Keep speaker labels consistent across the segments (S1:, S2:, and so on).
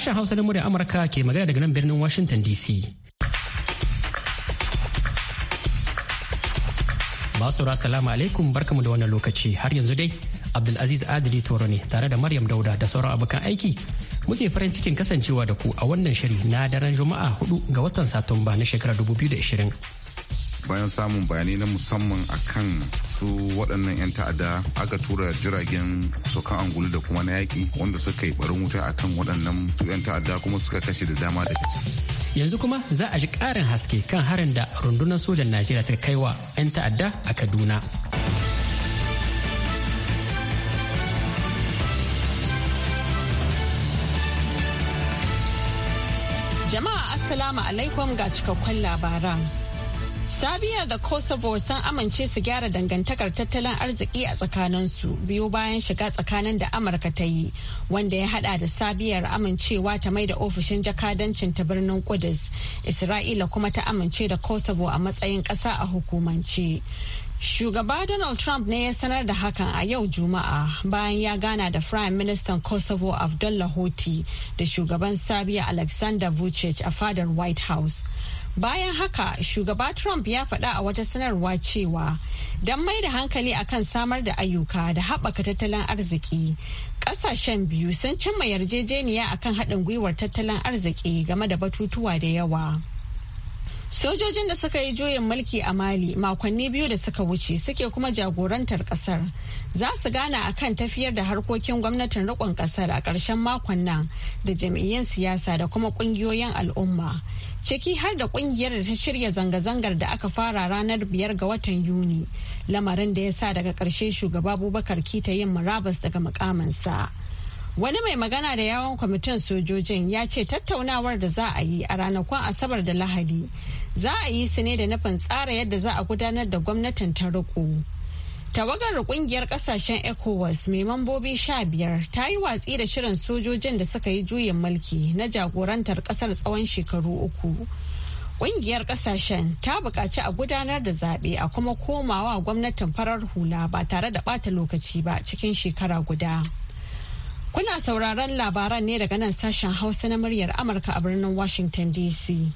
S1: Sashen Hausa na murya Amurka ke magana daga nan birnin Washington DC. ra salamu alaikum barkamu da wannan lokaci har yanzu dai Abdulaziz Adili Toro ne tare da Maryam Dauda da sauran abokan aiki muke farin cikin kasancewa da ku a wannan shiri na daren Juma'a 4 ga watan Satumba na shekarar 2020.
S2: bayan samun bayanai na musamman akan su waɗannan 'yan ta'adda aka tura jiragen sokan angulu da kuma na yaƙi wanda suka yi barin wuta akan waɗannan su 'yan ta'adda kuma suka kashe da dama daga ciki.
S1: yanzu kuma za a ji ƙarin haske kan harin da rundunar sojan najeriya suka kai wa 'yan ta'adda a kaduna
S3: jama'a assalamu alaikum ga cikakkun labaran Sabiya da Kosovo sun amince su gyara dangantakar tattalin arziki a tsakaninsu biyu bayan shiga tsakanin da Amurka ta yi, wanda ya hada da Sabiyar amincewa ta mai da ofishin jakadancin ta birnin Kudus. Isra'ila kuma ta amince da Kosovo a matsayin ƙasa a hukumance. Shugaba Donald Trump ne ya sanar da hakan a yau Juma'a bayan ya gana da Prime Minister Kosovo Abdullah Hoti da shugaban Sabiya Alexander Vucic a fadar White House. Bayan haka, shugaba Trump ya faɗa a wata sanarwa cewa don mai da hankali akan samar da ayyuka da haɓaka tattalin arziki, ƙasashen biyu sun cimma yarjejeniya akan haɗin gwiwar tattalin arziki game da batutuwa da yawa. Sojojin da suka yi juyin mulki a Mali makonni biyu da suka wuce suke kuma jagorantar kasar. Za su gana a kan tafiyar da harkokin gwamnatin riƙon kasar a ƙarshen makon nan da jam'iyyun siyasa da kuma ƙungiyoyin al'umma. Ciki har da ƙungiyar da ta shirya zanga-zangar da aka fara ranar biyar ga watan Yuni. Lamarin da ya sa daga ƙarshe shugaba Abubakar Kita yin murabas daga mukaminsa. Wani mai magana da yawon kwamitin sojojin ya ce tattaunawar da za a yi a ranakun Asabar da Lahadi za a yi su ne da nufin tsara yadda za a gudanar da gwamnatin ta riko. Tawagar kungiyar kasashen ECOWAS mai mambobi sha biyar ta yi watsi da shirin sojojin da suka yi juyin mulki na jagorantar kasar tsawon shekaru uku. Kungiyar kasashen ta buƙaci a gudanar da zaɓe a kuma komawa gwamnatin farar hula ba tare da ɓata lokaci ba cikin shekara guda. Kuna sauraron labaran ne daga nan sashen Hausa na muryar Amurka a birnin Washington DC.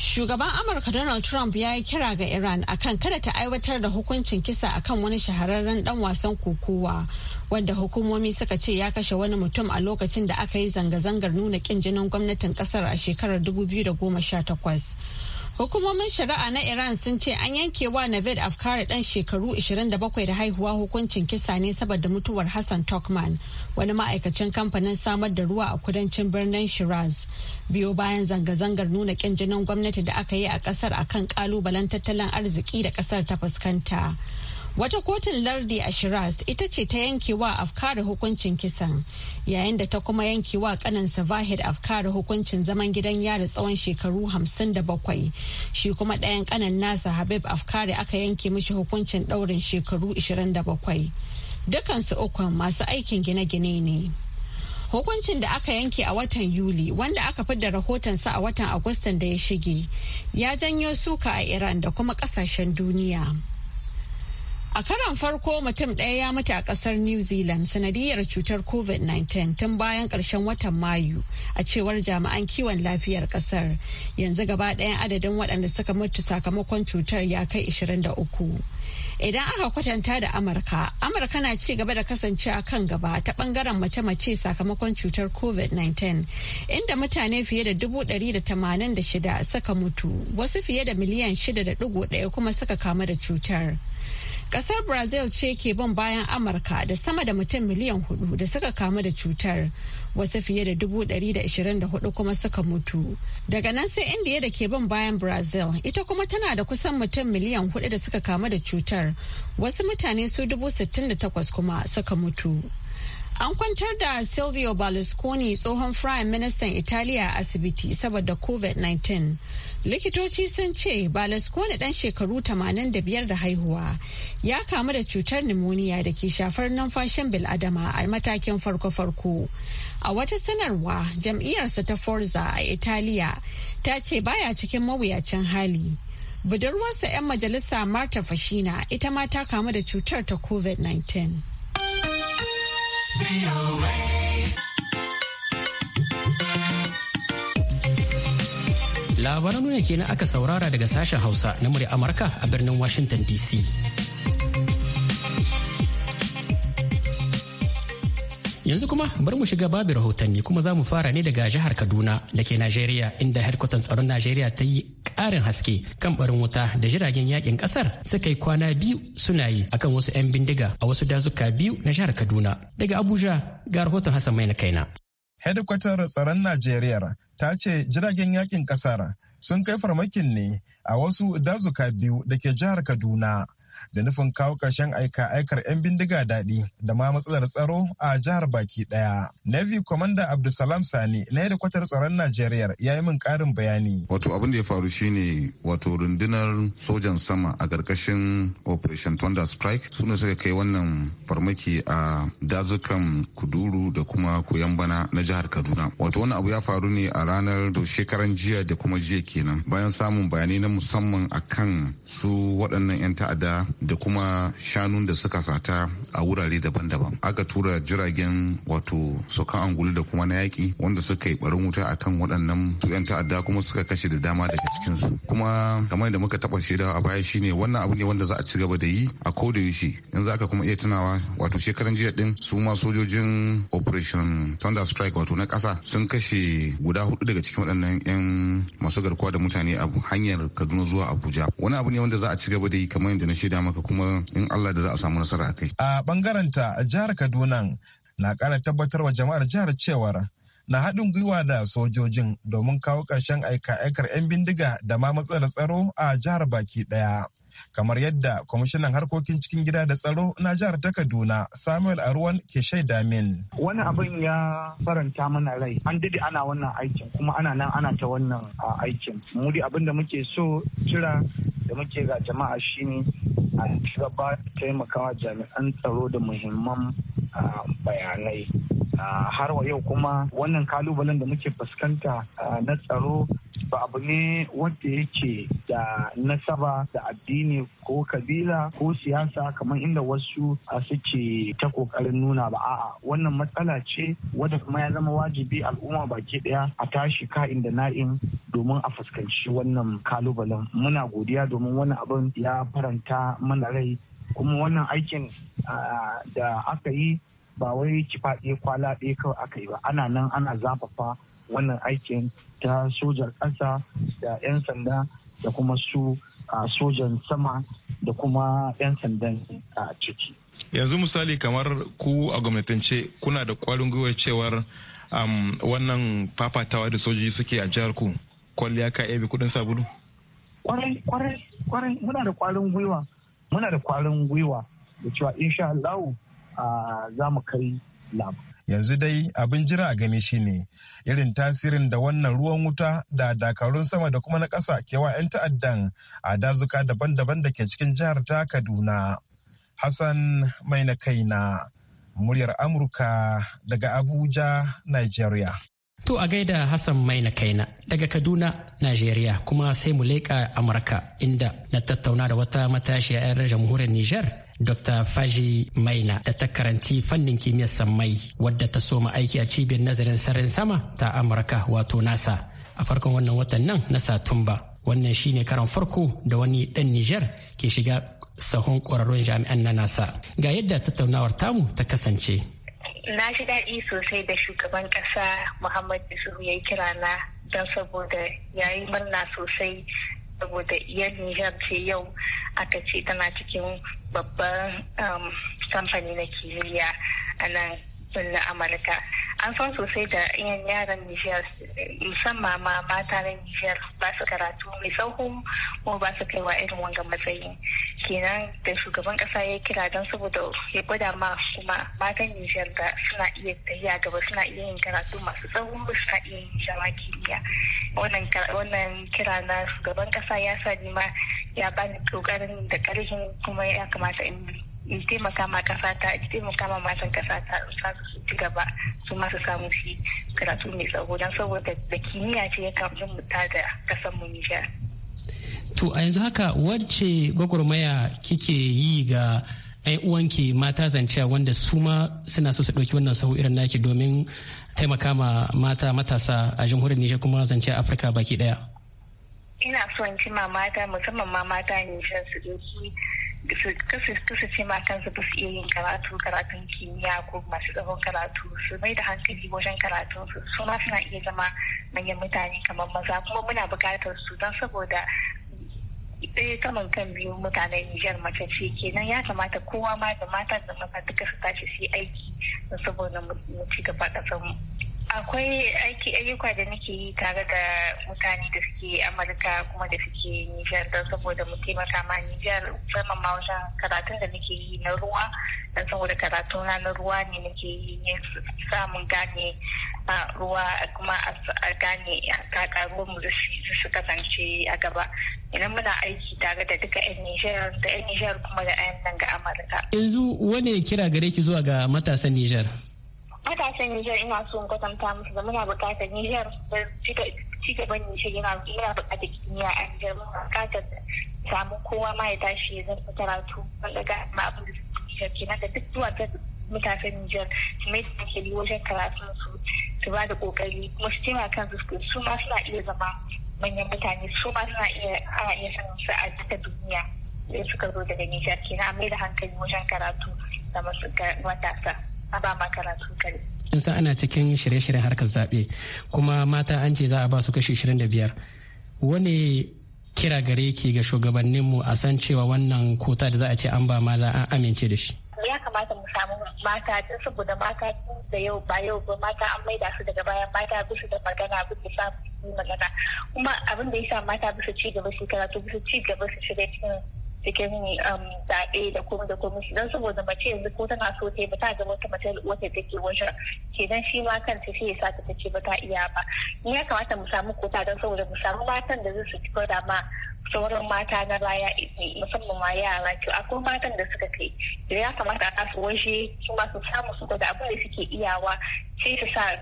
S3: Shugaban Amurka Donald Trump ya yi kira ga Iran akan kada ta aiwatar da hukuncin kisa akan wani shahararren dan wasan kokowa wanda hukumomi suka ce ya kashe wani mutum a lokacin da aka yi zanga-zangar nuna kin jinin gwamnatin kasar a shekarar 2018. Hukumomin shari'a na Iran sun ce an yanke wa Navid Afkari dan shekaru 27 da haihuwa hukuncin kisa ne saboda mutuwar Hassan Tokman, wani ma'aikacin kamfanin samar da ruwa a kudancin birnin Shiraz. Biyo bayan zanga-zangar nuna kin jinin gwamnati da aka yi a kasar akan kalubalen tattalin arziki da kasar ta fuskanta. Wata kotun lardi a Shiraz ita ce ta yanke wa afkari hukuncin kisan yayin da ta kuma yankewa kanan Vahid afkari hukuncin zaman gidan yari tsawon shekaru 57 shi kuma ɗayan kanan nasa Habib afkari aka yanke mishi hukuncin ɗaurin shekaru 27. Dukansu ukun masu aikin gine-gine ne. hukuncin da aka yanke a watan yuli wanda aka fi rahoton rahotonsa a watan agustan da ya shige ya janyo suka a iran da kuma kasashen duniya A karon farko mutum ɗaya ya mutu a ƙasar New Zealand sanadiyar cutar COVID-19 tun bayan ƙarshen watan Mayu a cewar jami'an kiwon lafiyar ƙasar. Yanzu gaba ɗayan adadin waɗanda suka mutu sakamakon cutar ya kai 23. Idan aka kwatanta da Amurka, Amurka na ci gaba da kasance a kan gaba ta ɓangaren mace-mace sakamakon cutar COVID-19, inda mutane fiye da shida suka mutu, wasu fiye da miliyan 6.1 kuma suka kamu da cutar. Kasar Brazil ce ke bin bayan Amurka da sama da mutum miliyan hudu da suka kamu da cutar. Wasu fiye da dubu ɗari da hudu kuma suka mutu. Daga nan sai Indiya da ke bin bayan Brazil ita kuma tana da kusan mutum miliyan hudu da suka kamu da cutar. Wasu mutane su dubu sittin da takwas kuma suka mutu. An kwantar da Silvio Berlusconi tsohon Prime Ministan Italiya a asibiti saboda COVID-19. Likitoci sun ce Berlusconi ɗan shekaru 85 da haihuwa ya kamu da cutar pneumonia da ke shafar numfashin bil'adama a matakin farko-farko. A wata sanarwa jam'iyyarsa ta Forza a Italiya ta ce baya cikin mawuyacin hali. Budurwarsa 'yan majalisa Marta Fashina ita ma ta kamu da cutar ta COVID-19.
S1: Labaran nuna na aka saurara daga sashen Hausa na murya Amurka a birnin Washington DC. Yanzu kuma bar mu shiga babu rahotanni kuma za mu fara ne daga jihar Kaduna da ke Najeriya inda hedkwatan tsaron Najeriya ta yi ƙarin haske kan barin wuta da jiragen yakin ƙasar suka yi kwana biyu suna yi akan wasu 'yan bindiga a wasu dazuka biyu na jihar Kaduna. Daga Abuja ga rahoton Hassan Mai na kaina.
S4: Hedikwatar tsaron Najeriya ta ce jiragen yakin ƙasar sun kai farmakin ne a wasu dazuka biyu da ke jihar Kaduna. da nufin kawo ƙarshen aika aikar 'yan bindiga daɗi da ma matsalar tsaro a jihar baki ɗaya. Navy Commander Abdulsalam Sani na yadda kwatar tsaron Najeriya ya yi min ƙarin bayani.
S2: Wato abin da ya faru shine wato rundunar sojan sama a ƙarƙashin Operation Thunder Strike suna suka kai wannan farmaki a dazukan Kuduru da kuma Kuyambana na jihar Kaduna. Wato wannan abu ya faru ne a ranar da shekaran jiya da kuma jiya kenan bayan samun bayanai na musamman akan su waɗannan 'yan ta'adda da kuma shanun da suka sata a wurare daban-daban aka tura jiragen wato sokan angulu da kuma na yaki. wanda suka yi barin wuta a kan waɗannan su 'yan ta'adda kuma suka kashe da dama daga cikinsu
S5: kuma
S2: kamar da muka taɓa shaida a baya shine wannan abu ne wanda za a ci gaba da yi a koda yaushe in za ka kuma iya tunawa wato shekaran jiya din su ma sojojin operation thunder strike wato na ƙasa sun kashe guda hudu daga cikin waɗannan 'yan masu garkuwa da mutane a hanyar kaduna zuwa abuja wani abu ne wanda za a ci gaba da yi kamar yadda na shaida maka kuma in Allah da za a samu nasara a kai.
S4: A bangaren ta jihar Kaduna na kara tabbatar wa jama'ar jihar cewar na haɗin gwiwa da sojojin domin kawo ƙarshen aika-aikar 'yan bindiga da ma matsalar tsaro a jihar baki ɗaya. Kamar yadda kwamishinan harkokin cikin gida da tsaro na jihar ta Kaduna Samuel Arwan ke shaida min.
S6: Wani abin ya faranta mana rai. An dade ana wannan aikin kuma ana nan ana ta wannan aikin. Mu abin da muke so kira da muke ga jama'a shine a ci gaba taimakawa jami'an tsaro da muhimman bayanai. har wa yau kuma wannan kalubalen da muke fuskanta na tsaro ba abu ne wanda yake da nasaba da addini ko kabila ko siyasa kamar inda wasu suke ta kokarin nuna ba a'a wannan matsala ce wadda kuma ya zama wajibi al'umma baki daya a tashi ka'in da na'in domin a fuskanci wannan kalubalen muna godiya domin wannan abin ya faranta mana rai kuma wannan aikin da aka yi ba wai kifaɗe kwala ɗaya kawai aka yi ba ana nan ana zafafa wannan aikin ta sojan ƙasa da 'yan sanda da kuma su sojan sama da kuma 'yan sandan a ciki
S4: yanzu misali kamar ku a gwamnatance kuna da kwarin gwiwar cewar wannan fafatawa da sojoji suke a jihar ku kwalliya ka ebe kudin sabulu
S6: kwarai kwarai muna da kwarin gwiwa muna da kwarin gwiwa da cewa insha Allah za mu kai labu. Yanzu dai abin jira a
S4: gani shine irin tasirin da wannan ruwan wuta da dakarun sama da kuma na ƙasa kewa 'yan ta'addan a dazuka daban-daban da ke cikin jihar ta Kaduna. Hassan mai na kaina muryar Amurka daga Abuja, Nigeria.
S1: To a gaida Hassan mai na Kaina daga Kaduna, Najeriya kuma sai mu leƙa Amurka inda na tattauna da wata matashiya 'yar jamhuriyar Nijar Dr. Faji Maina da ta karanci fannin kimiyyar sammai wadda ta soma aiki a cibiyar nazarin sararin sama ta Amurka wato NASA a farkon wannan watan nan na Satumba. Wannan shi ne karan farko da wani ɗan Nijar ke shiga sahun ƙwararrun jami'an na NASA. Ga yadda tattaunawar tamu ta kasance.
S7: Na ji daɗi sosai da shugaban ƙasa Muhammad Yusuf ya kira na don saboda ya yi murna sosai saboda yan Nijar ce yau aka ce tana cikin babban um, kamfani na kimiyya a nan birnin Amurka. An san sosai da yan yaran Nijar musamman ma mata na Nijar ba su karatu mai sauho ko ba su kaiwa irin wanga matsayi. kenan da shugaban kasa ya kira don saboda ya gwada ma kuma matan Nijar da suna iya tafiya gaba suna iya yin karatu masu tsawo suna iya yin shawa kimiyya wannan kira na shugaban kasa ya sa ni ma ya bani kokarin da karhin kuma ya kamata in in taimaka ma kasa ta in taimaka ma matan kasa ta sa su ci gaba su masu samu shi karatu mai tsawo don saboda da kimiyya ce ya kamata mu ta da kasan mu Nijar.
S1: to a yanzu haka wacce gwagwarmaya kike yi ga 'yan uwanki mata zance wanda su ma suna so su ɗauki wannan sahu irin naki domin taimaka ma mata matasa a jamhuriyar Nijar kuma a Afirka baki ɗaya.
S7: Ina so in ci ma mata musamman ma mata Nijar su ɗauki kasu ce ma kansu ba su iya yin karatu karatun kimiyya ko masu tsawon karatu su mai da hankali wajen su su ma suna iya zama manyan mutane kamar maza kuma muna bukatar su don saboda ɗaya eh, saman kan biyu mutanen Nijar mace ce kenan ya kamata kowa ma da mata da maza duka su tashi su yi aiki don saboda mu ci gaba ƙasar mu. Akwai aiki ayyuka da nake yi tare da mutane da suke Amurka kuma da suke Nijar don saboda mu taimaka ma Nijar musamman ma wajen karatun da nake yi na ruwa dan saboda karatu na ruwa ne nake yi ne samun gane ruwa kuma a gane kaka ruwan mu su kasance a gaba idan muna aiki tare da duka yan nijar da yan nijar kuma da yan nan ga
S1: amurka yanzu wani kira gare ki zuwa ga matasan nijar
S7: matasan nijar ina so in kwatanta musu da muna bukatar nijar da ban gaban shi yana muna bukatar kimiyya a nijar muna bukatar samu kowa ma ya tashi ya zarta karatu wanda ga abin da Nijar kenan da duk zuwa ta matasan Nijar su mai da hankali wajen karatun su su ba da kokari kuma su taimaka kansu su ma suna iya zama manyan mutane su ma suna iya ana iya sanin su a duka duniya sai suka zo daga Nijar kenan a mai da hankali wajen karatu da masu matasa
S1: a ba ma karatu kare. in san ana cikin shirye-shiryen harkar zaɓe kuma mata an ce za a ba su kashi 25 wani kira gare ki ga shugabanninmu a san cewa wannan kota da za a ce an ba maza an amince da shi
S7: ya kamata mu samu mata tun saboda mata da yau ba yau ba mata an maida su daga baya mata bisu da magana bisu sa magana kuma abin da ya sa mata bisa ci gaba su karatu bisa ci gaba su shiga cikin cikin um, zaɓe da kuma da kuma don saboda mace yanzu ko tana so ta yi ta ga wata mace wata take wajen kenan shi ma kan ta ya sata ta ce ba iya ba ni ya kamata mu samu kota don saboda mu samu matan da zai su ci da ma sauran mata na baya musamman ma yara to akwai matan da suka kai da ya kamata a su waje su ma su samu su da abin da suke iyawa sai su sa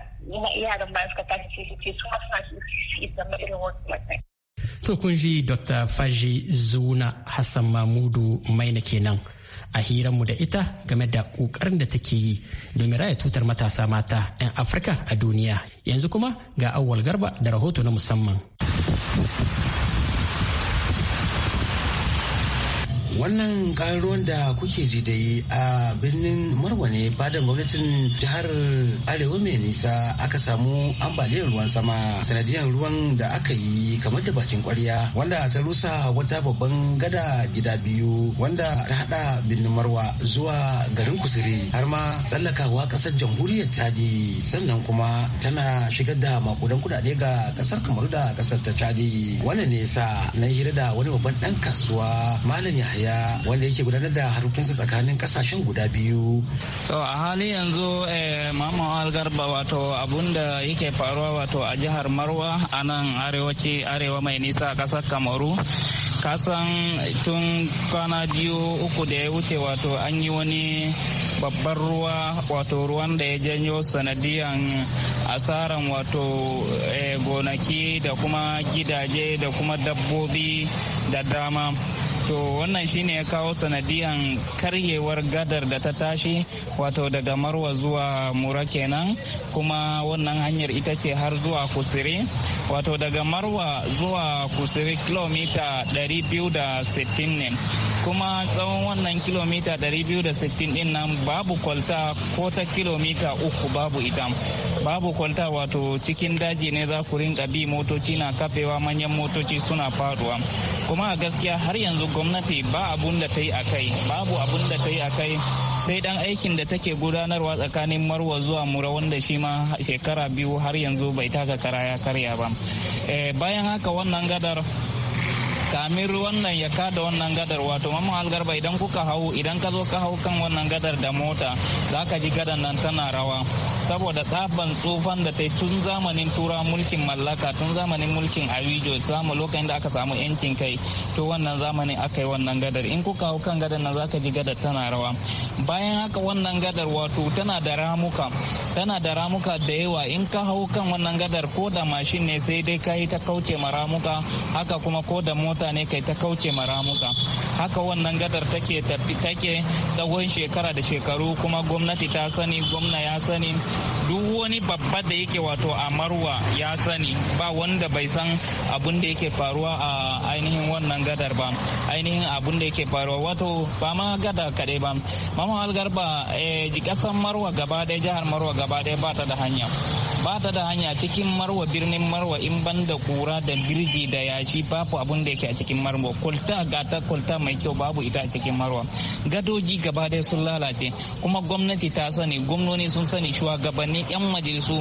S7: yaran ba suka tashi su ce su ma suna su zama irin
S1: wani To kun ji Dr. Faji Zuna Hassan Mamudu Maina kenan a hiranmu da ita game da ƙoƙarin da take yi domin raya tutar matasa mata 'yan Afirka a duniya. Yanzu kuma ga awwal garba da rahoto na musamman.
S8: wannan kayan ruwan da kuke ji da yi a birnin marwa ne fadar gwamnatin jihar arewa mai nisa aka samu ambaliyar ruwan sama sanadiyar ruwan da aka yi kamar da bakin kwarya wanda ta rusa wata babban gada gida biyu wanda ta hada birnin marwa zuwa garin kusuri har ma tsallakawa kasar jamhuriyar chadi sannan kuma tana shigar da makudan kudade ga kasar kamaru da kasar ta chadi wannan ne sa na hira da wani babban dan kasuwa malam yahaya Najeriya wanda yake gudanar da harkokinsa tsakanin kasashen guda biyu.
S9: To a hali yanzu eh, Muhammad algarba wato abunda yake faruwa wato a jihar Marwa a nan arewaci arewa mai nisa a ƙasar Kamaru. Kasan tun kwana biyu uku da ya wuce wato an yi wani babbar ruwa wato ruwan da ya janyo sanadiyan asaran wato eh, gonaki da kuma gidaje da kuma dabbobi da dama to wannan shine ya kawo sanadiyan karyewar gadar da ta tashi wato daga marwa zuwa mura kenan kuma wannan hanyar ita ce har zuwa kusiri wato daga marwa zuwa kusiri kilomita 260 ne kuma tsawon wannan kilomita 260 din nan babu kwalta ko ta kilomita uku babu ita babu kwalta wato cikin daji ne za ku rinka bi motoci na kafewa manyan motoci suna faduwa kuma a gaskiya har yanzu gwamnati ba abun da ta yi a kai babu abun da ta yi a kai sai dan aikin da take gudanarwa tsakanin marwa zuwa mura wanda shi ma shekara biyu har yanzu bai taka kara ya karya ba eh, bayan haka wannan gadar kamin wannan ya kada wannan gadar wato mamman algarba idan kuka hau idan ka zo ka hau kan wannan gadar da mota za ka ji gadan nan tana rawa saboda tsaban tsufan da ta tun zamanin tura mulkin mallaka tun zamanin mulkin awijo samu lokacin da aka samu yankin kai to wannan zamanin aka yi wannan gadar in kuka hau kan gadar nan za ka ji gadar tana rawa bayan haka wannan gadar wato tana da ramuka tana da ramuka da yawa in ka hau kan wannan gadar ko da mashin ne sai dai ka yi ta kauce ma ramuka haka kuma ko da mota mutane kai ta kauce ma ramuka haka wannan gadar take tafi take tsawon shekara da shekaru kuma gwamnati ta sani gwamna ya sani duk wani babba da yake wato a marwa ya sani ba wanda bai san abun da yake faruwa a ainihin wannan gadar ba ainihin abun da yake faruwa wato ba ma gada kaɗai ba mama algarba eh, ƙasar marwa gaba ɗaya jihar marwa gaba ɗaya ba ta da hanya ba ta da hanya cikin marwa birnin marwa in ban da kura da birji da yashi babu abun da yake a cikin marwa kulta gata kulta mai kyau babu ita a cikin marwa gadoji gaba ɗaya sun lalace kuma gwamnati ta sani gwamnoni sun sani shugabanni yan majalisu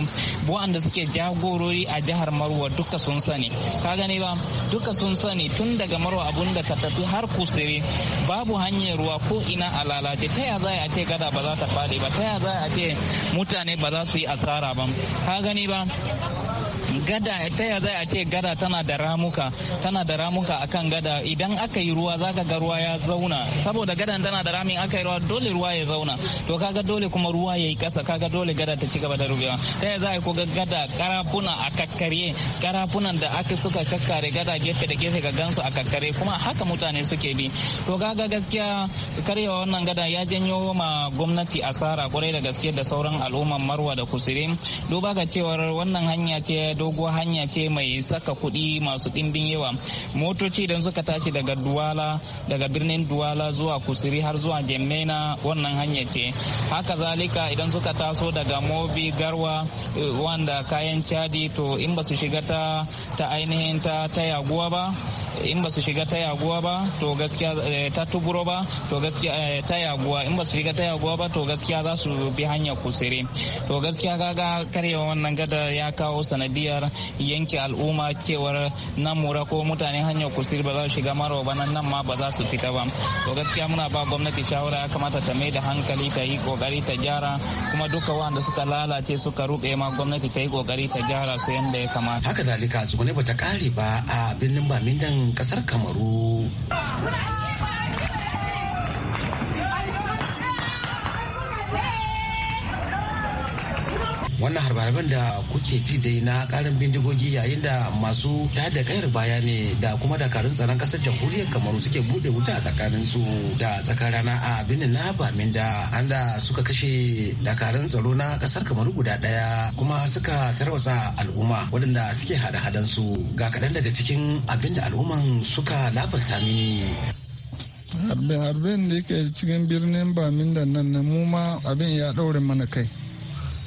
S9: da suke jagorori a jihar marwa duka sun sani ka gani ba duka sun sani tun daga marwa abun da ka tafi har kusiri babu hanyar ruwa ko ina a lalace ta yaya za a ce gada ba za ta faɗi ba ta yaya za a ce mutane ba za su yi asara ba ka gani ba gada ta ya za a ce gada tana da ramuka tana da ramuka akan gada idan aka yi ruwa zaka ga ruwa ya zauna saboda gadan tana da ramin aka yi ruwa dole ruwa ya zauna to kaga dole kuma ruwa ya yi kasa kaga dole gada ta ci gaba da rubewa ta ya za a ko gada karafuna a kakkare karafunan da aka suka kakkare gada gefe da gefe ka gansu a kakkare kuma haka mutane suke bi to kaga gaskiya karyawa wannan gada ya janyo ma gwamnati asara kwarai da gaske da sauran al'umman marwa da kusurin duba ga cewar wannan hanya ce doguwar hanya ce mai saka kuɗi masu ɗimbin yawa motoci idan suka tashi daga duwala daga birnin duwala zuwa kusuri har zuwa jemena wannan hanya ce haka zalika idan suka taso daga mobi garwa eh, wanda kayan cadi to in ba su shiga ta ainihin ta yaguwa ba in ba su shiga ta yaguwa ba to gaskiya eh, ta tuburo ba to gaskiya eh, ta yaguwa in ba su shiga ta yaguwa ba to gaskiya za su bi hanyar kusure to gaskiya kaga karewa wannan gada ya kawo sanadiyar yanke al'umma cewar nan mura ko mutane hanyar kusur ba za su shiga maro ba nan ma ba za su fita ba to gaskiya muna ba gwamnati shawara ya kamata ta mai da hankali ta yi kokari ta gyara kuma duka wanda suka lalace suka rube ma gwamnati ta yi kokari ta gyara su yanda ya kamata haka zalika
S8: ba ta kare ba a birnin bamindan kasar kamaru wannan harbarban da kuke ji dai na karin bindigogi yayin da masu ta da kayar baya ne da kuma dakarun tsaron kasar jamhuriyar kamaru suke bude wuta a tsakanin su da tsakar rana a birnin na baminda anda suka kashe dakarun tsaro na kasar kamaru guda daya kuma suka tarwasa al'umma waɗanda suke hada-hadan su ga kaɗan daga cikin abin da al'umman suka labarta mini
S5: harbe-harben da yake cikin birnin da nan mu ma abin ya ɗaure mana kai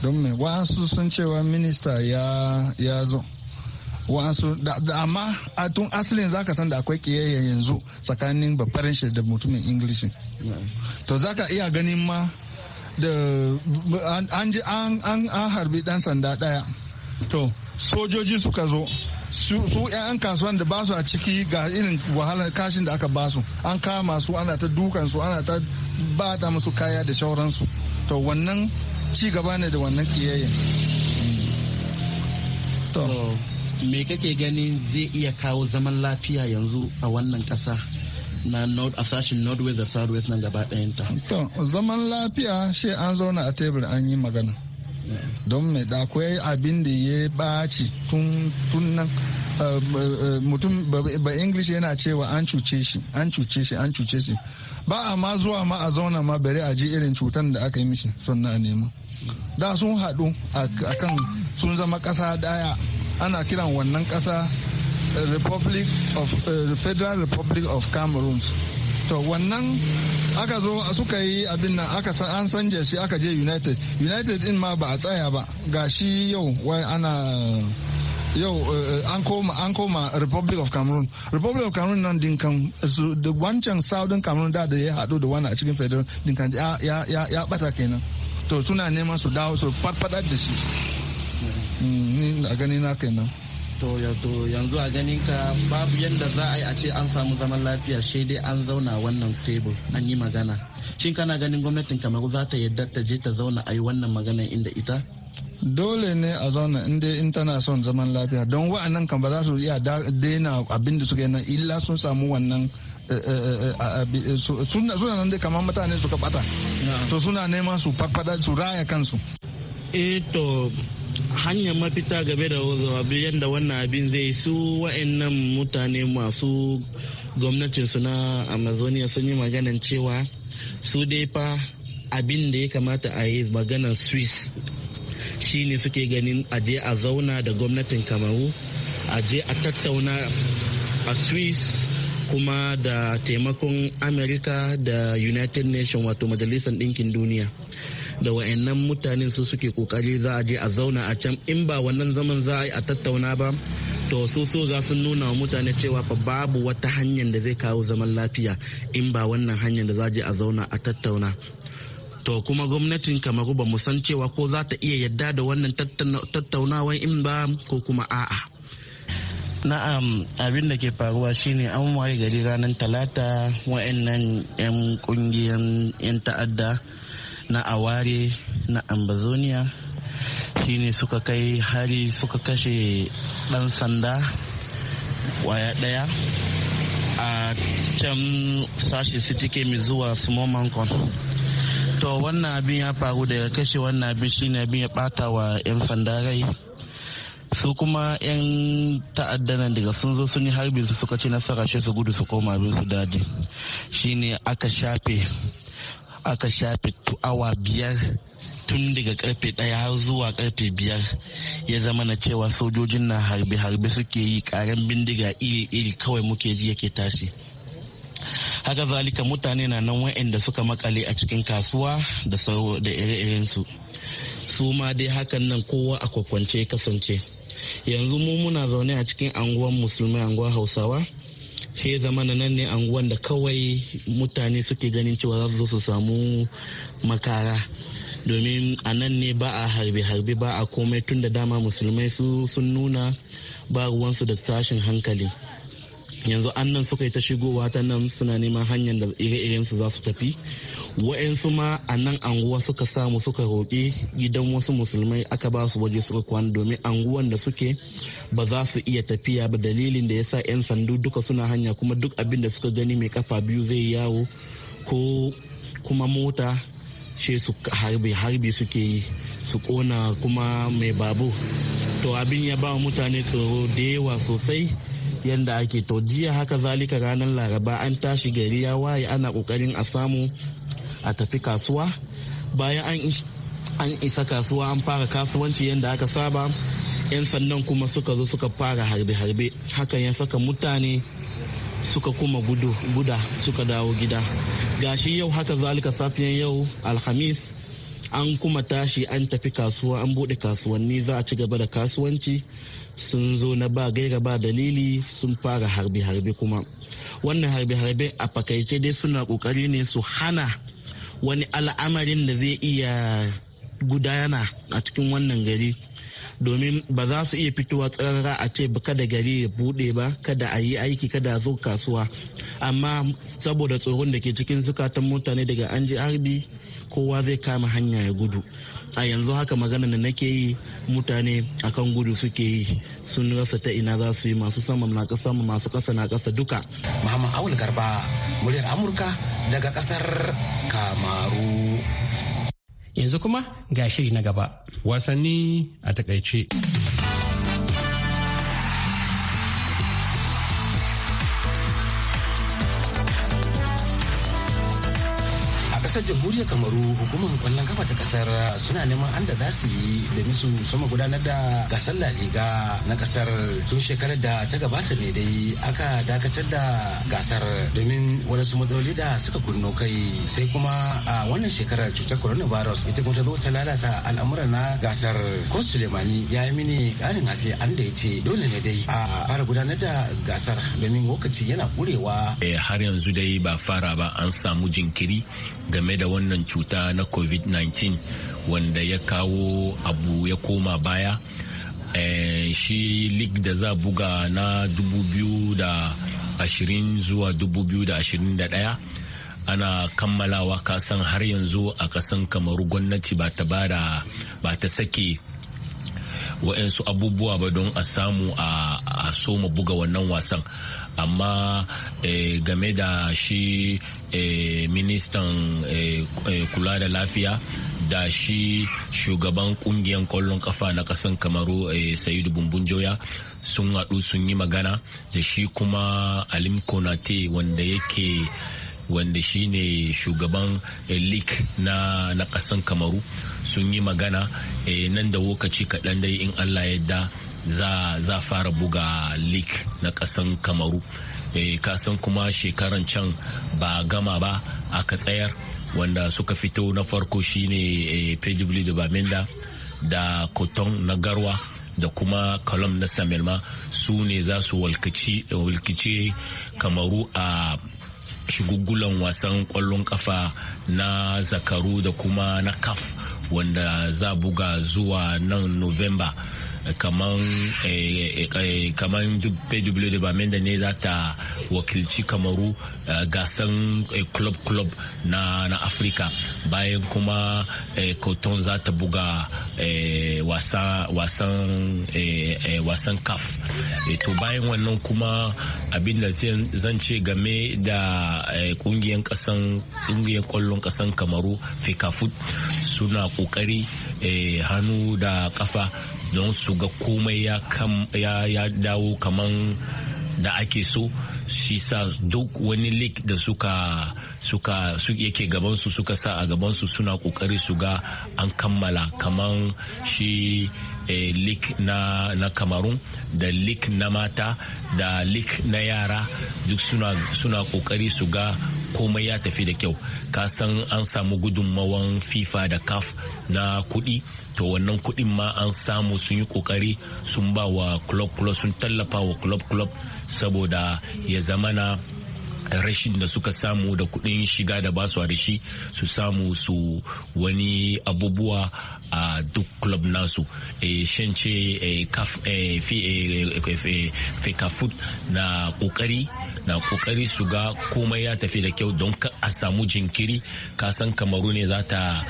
S5: don mai wa'ansu sun cewa minista ya, ya zo wa'ansu da amma a tun asalin zaka san da akwai kiyayya yanzu tsakanin babbarin shi da mutumin ingilishi to zaka iya ganin ma da an ji an harbi dan sanda daya to sojoji suka zo su 'yan kasuwan da basu a ciki ga irin wahalar kashin da aka basu an kama su ana ta dukansu ana ta ta musu kaya da shauransu to wannan ci gaba ne da wannan kiyayyen to me kake ganin zai iya kawo zaman lafiya yanzu
S10: a wannan kasa na north a sashen northwest da southwest nan gaba ɗayanta
S5: to zaman lafiya shi an zauna a tebur an yi magana don mai da akwai abin da ya ɓaci tun nan mutum ba english yana cewa an cuce shi an cuce shi an cuce shi ba a ma zuwa ma a zauna ma bari a ji irin cutar da aka yi mishi sannan a nema da sun haɗu a kan sun zama ƙasa daya ana kiran wannan ƙasa eh, republic of eh, federal republic of cameroon to wannan aka zo suka yi abin nan aka an sanje shi aka je united united din ma ba a tsaya ba ga shi yau wai ana yau eh, eh, an koma an koma republic of cameroon republic of cameroon nan din kan da wancan southern cameroon da da ya haɗu da wani a cikin federal din kan ya bata kenan to suna neman su dawo su farfadar da shi mm, ni a gani na kenan
S10: to yanzu a ganin ka babu yadda za a yi a ce an samu zaman lafiya sai dai an zauna wannan tebur an yi magana shin kana ganin gwamnatin kamaru za ta yadda ta je ta zauna a yi wannan magana inda ita
S5: dole ne a zauna inda in tana son zaman lafiya don wa'annan kan ba za su iya daina abin da suka yi nan illa sun samu wannan suna nan dai kamar mutane suka bata to suna neman su farfada su raya kansu eh to hanyar
S10: mafita game da abin yadda wannan abin zai su wa'annan mutane masu gwamnatinsu na amazonia sun yi maganan cewa su dai fa abin da ya kamata a yi maganar swiss shine suke ganin a je a zauna da gwamnatin kamaru a je a tattauna a swiss kuma da taimakon america da united nations wato majalisar ɗinkin duniya da wa'annan mutanen su suke kokari za a je a zauna a can in ba wannan zaman za a yi a tattauna ba to su so za sun nuna wa mutane cewa fa babu wata hanyar da zai kawo zaman lafiya in ba wannan hanyar da za a je a zauna a tattauna to kuma gwamnatin kamaru ba mu san cewa ko za ta iya yadda da wannan tattaunawar in ba ko kuma a'a na'am abin da ke faruwa shine an waye gari ranar talata wa'annan 'yan kungiyar 'yan ta'adda na aware na ambazonia shine suka kai hari suka kashe dan sanda waya daya a can sashi su cike mai zuwa small mancon to wannan abin ya faru da kashe wannan abin shine abin ya bata wa 'yan sanda rai su kuma 'yan ta'adda nan daga sun zo sun yi harbi su suka ci nasara shi su gudu su koma abin su daji shine aka shafe aka shafe awa biyar tun daga karfe daya har zuwa karfe biyar ya zama na cewa sojojin na harbe-harbe suke yi karen bindiga iri-iri kawai muke ji yake tashi haka zalika mutane na nan wa'anda suka makale a cikin kasuwa da da ire su su ma dai hakan nan kowa a kwakwance kasance yanzu mu muna zaune a cikin anguwan musulmi anguwa hausawa sai zama na nan ne anguwan da kawai mutane suke ganin cewa za su samu makara domin a nan ne ba a harbe-harbe ba a komai tun da dama musulmai su sun nuna ba ruwansu da tashin hankali yanzu an nan suka yi ta shigowa ta nan suna neman hanyar da ire-iren su za su tafi wa'yansu ma a nan anguwa suka samu suka roƙi gidan wasu musulmai aka ba su waje suka kwana domin anguwan da suke ba za su iya tafiya ba dalilin da yasa 'yan sandu duka suna hanya kuma duk abin da suka gani mai kafa biyu zai yawo ko kuma mota she su harbe harbe suke yi su kona kuma mai babu to abin ya ba mutane tsoro da yawa sosai yadda ake to jiya haka zalika ranar laraba an tashi gari ya waye ana kokarin a samu a tafi kasuwa bayan an isa kasuwa an fara kasuwanci yadda aka saba 'yan sandan kuma suka zo suka fara harbe-harbe hakan ya saka mutane suka kuma gudu guda suka dawo gida gashi yau haka zalika safiyan yau alhamis an kuma tashi an tafi kasuwa an bude kasuwanni za a ci gaba da kasuwanci sun zo na ba gaira ba dalili sun fara harbe-harbe kuma wannan harbe-harbe a fakaice dai suna kokari ne su hana wani al'amarin da zai iya gudana a cikin wannan gari domin ba za su iya fitowa tsarara a ce kada gari ya bude ba kada a yi aiki kada zo kasuwa amma saboda tsoron da ke cikin zukatan mutane daga an ji harbi kowa zai kama hanya ya gudu a yanzu haka magana da nake yi mutane akan gudu suke yi sun rasa ta ina za su yi masu sama na kasa masu kasa na kasa duka
S8: muhammad awul garba muryar amurka daga kasar kamaru
S1: yanzu kuma ga shiri na gaba wasanni a takaice
S8: kasar jamhuriyar kamaru hukumar kwallon kafa ta kasar suna neman an da za su yi da su sama gudanar da gasar laliga na kasar tun shekarar da ta gabata ne dai aka dakatar da gasar domin wadansu matsaloli da suka kunno kai sai kuma a wannan shekarar cutar coronavirus ita kuma ta zo ta lalata al'amuran na gasar ko sulemani ya yi mini karin haske an da ya ce dole ne dai a fara gudanar da gasar domin lokaci yana
S11: kurewa eh, har yanzu dai ba fara ba an samu jinkiri game da wannan cuta na covid-19 wanda ya kawo abu ya koma baya eh, shi lig da za buga na 2020 zuwa 2021 ana kammalawa kasan har yanzu a kasan kamaru gwamnati ba ta bada ba ta sake wa'yansu abubuwa ba don a samu a soma buga wannan wasan amma eh, game da shi eh, ministan eh, kula da lafiya da shi shugaban kungiyar kwallon kafa na kasan kamaru sayidu bumbun joya sun haɗu sun yi magana da shi kuma alim konate wanda yake wanda shi ne shugaban lik na na kasan kamaru sun yi magana nan da wokaci kaɗan dai in allah ya yadda za fara buga league na kasan kamaru e, eh, kasan kuma shekaran can ba gama ba aka tsayar wanda suka fito na farko shine e, eh, pw da baminda da coton na garwa da kuma kolom na samelma su ne za su walkice kamaru a shigugulan wasan kwallon kafa na zakaru da kuma na kaf wanda za buga zuwa nan november kamar pw da ne za ta wakilci kamaru eh, gasan eh, club club na afirka bayan kuma eh, coton za ta buga wasan caf to bayan wannan kuma abin da zan ce game da kungiyar kasan kungiyar kwallon kasan kamaru fekafut suna kokari hannu da kafa don su ga komai ya dawo kaman da ake so shi sa duk wani lake da suka suka su yake gaban su suka sa a gaban su suna kokari su ga an kammala kaman shi eh, lik na, na kamarun da lik na mata da lik na yara duk suna, suna kokari su ga komai ya tafi da kyau ka san an samu gudunmawan fifa da caf na kudi to wannan kudin ma an samu sun yi kokari sun ba wa club club sun tallafa wa club club saboda ya zamana rashin da suka samu da kuɗin shiga da basu da shi su samu su wani abubuwa a duk club nasu e, shan ce e, fekafut e, na kokari na kokari su ga komai ya tafi da kyau don a samu jinkiri kasan kamaru ne za ta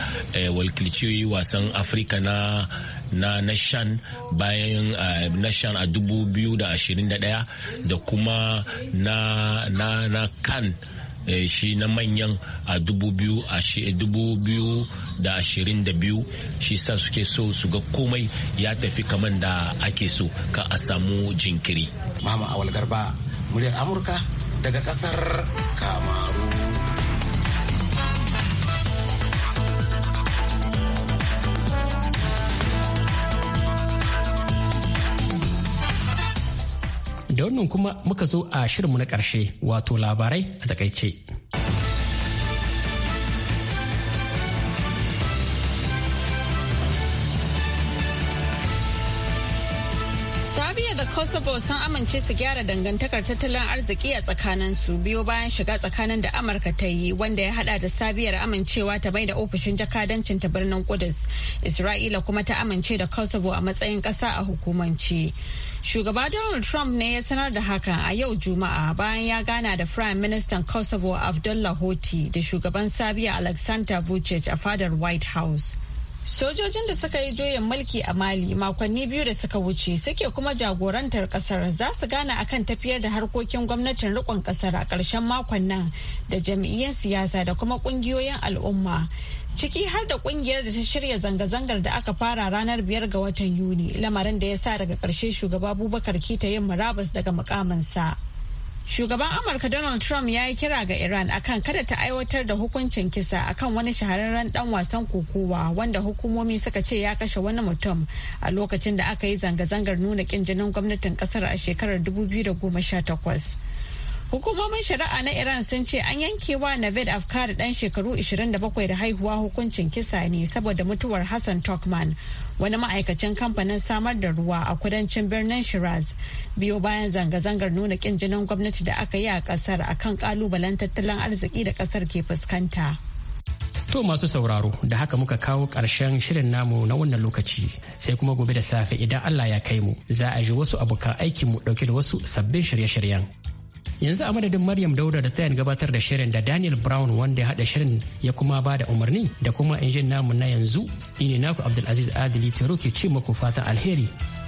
S11: walkilci wasan afirka na na nashan bayan na a 2021 da kuma na na kan Eh, shi na manyan a da shi sa suke so su ga komai ya tafi kamar da ake so ka a samu jinkiri. Mama Awal Garba, muryar
S8: Amurka daga kasar Kamaru.
S1: da wannan kuma muka zo a shirinmu na ƙarshe wato labarai a takaice.
S3: kosovo sun amince su gyara dangantakar tattalin arziki a tsakanin su biyo bayan shiga tsakanin da amurka ta yi wanda ya hada da sabiyar amincewa ta bai da ofishin jakadancin ta birnin kudus isra'ila kuma ta amince da kosovo a matsayin kasa a hukumance shugaba donald trump ne ya sanar da hakan a yau juma'a bayan ya gana da prime minister kosovo abdullah hoti da shugaban sabiya alexander vucic a fadar white house Sojojin da suka yi juyin mulki a Mali makonni biyu da suka wuce suke kuma jagorantar kasar za su gana akan tafiyar da harkokin gwamnatin rikon kasar a ƙarshen makon nan da jam'iyyar siyasa da kuma ƙungiyoyin al'umma. Ciki har da ƙungiyar da ta shirya zanga-zangar da aka fara ranar biyar ga watan Yuni lamarin da ya sa daga ƙarshe shugaba Abubakar Kita yin murabus daga mukaminsa. Shugaban Amurka Donald Trump ya yi kira ga Iran akan kada ta aiwatar da hukuncin kisa akan wani shahararren dan wasan kokowa wanda hukumomi suka ce ya kashe wani mutum a lokacin da aka yi zanga-zangar nuna kin jinin gwamnatin kasar a shekarar 2018. Hukumomin shari'a na Iran sun ce an yanke wa Navid Afkar dan shekaru 27 da haihuwa hukuncin kisa ne saboda mutuwar Hassan Tokman wani ma'aikacin kamfanin samar da ruwa a kudancin birnin Shiraz biyo bayan zanga-zangar nuna kin jinin gwamnati da aka yi a kasar akan kalubalen tattalin arziki da kasar ke fuskanta.
S1: To masu sauraro da haka muka kawo ƙarshen shirin namu na wannan lokaci sai kuma gobe da safe idan Allah ya kai mu za a ji wasu abokan aikinmu ɗauke da wasu sabbin shirye-shiryen. yanzu a madadin maryam dauda da tayan gabatar da shirin da daniel brown wanda ya hada shirin ya kuma ba da umarni da kuma injin namu na yanzu ne naku abdulaziz adili ke ce muku fatan alheri